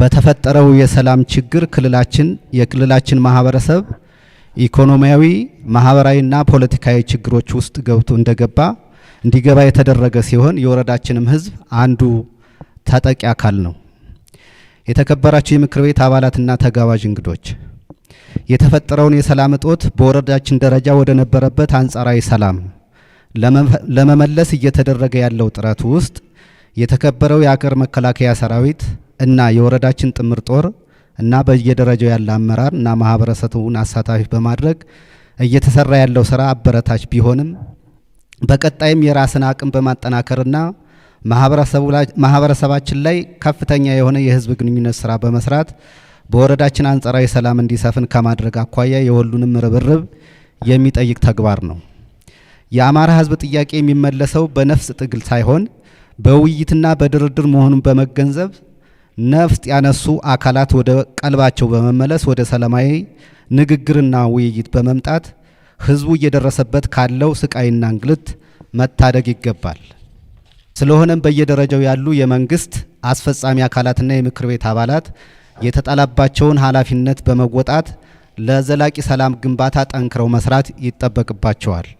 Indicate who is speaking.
Speaker 1: በተፈጠረው የሰላም ችግር ክልላችን የክልላችን ማህበረሰብ ኢኮኖሚያዊ፣ ማህበራዊና ፖለቲካዊ ችግሮች ውስጥ ገብቶ እንደገባ እንዲገባ የተደረገ ሲሆን የወረዳችንም ህዝብ አንዱ ታጠቂ አካል ነው። የተከበራችሁ የምክር ቤት አባላትና ተጋባዥ እንግዶች የተፈጠረውን የሰላም እጦት በወረዳችን ደረጃ ወደ ነበረበት አንጻራዊ ሰላም ለመመለስ እየተደረገ ያለው ጥረት ውስጥ የተከበረው የአገር መከላከያ ሰራዊት እና የወረዳችን ጥምር ጦር እና በየደረጃው ያለ አመራር እና ማህበረሰቡን አሳታፊ በማድረግ እየተሰራ ያለው ስራ አበረታች ቢሆንም በቀጣይም የራስን አቅም በማጠናከርና ማህበረሰባችን ላይ ከፍተኛ የሆነ የህዝብ ግንኙነት ስራ በመስራት በወረዳችን አንጻራዊ ሰላም እንዲሰፍን ከማድረግ አኳያ የሁሉንም ርብርብ የሚጠይቅ ተግባር ነው። የአማራ ህዝብ ጥያቄ የሚመለሰው በነፍስ ትግል ሳይሆን በውይይትና በድርድር መሆኑን በመገንዘብ ነፍጥ ያነሱ አካላት ወደ ቀልባቸው በመመለስ ወደ ሰላማዊ ንግግርና ውይይት በመምጣት ህዝቡ እየደረሰበት ካለው ስቃይና እንግልት መታደግ ይገባል። ስለሆነም በየደረጃው ያሉ የመንግስት አስፈጻሚ አካላትና የምክር ቤት አባላት የተጣላባቸውን ኃላፊነት በመወጣት ለዘላቂ ሰላም ግንባታ ጠንክረው መስራት ይጠበቅባቸዋል።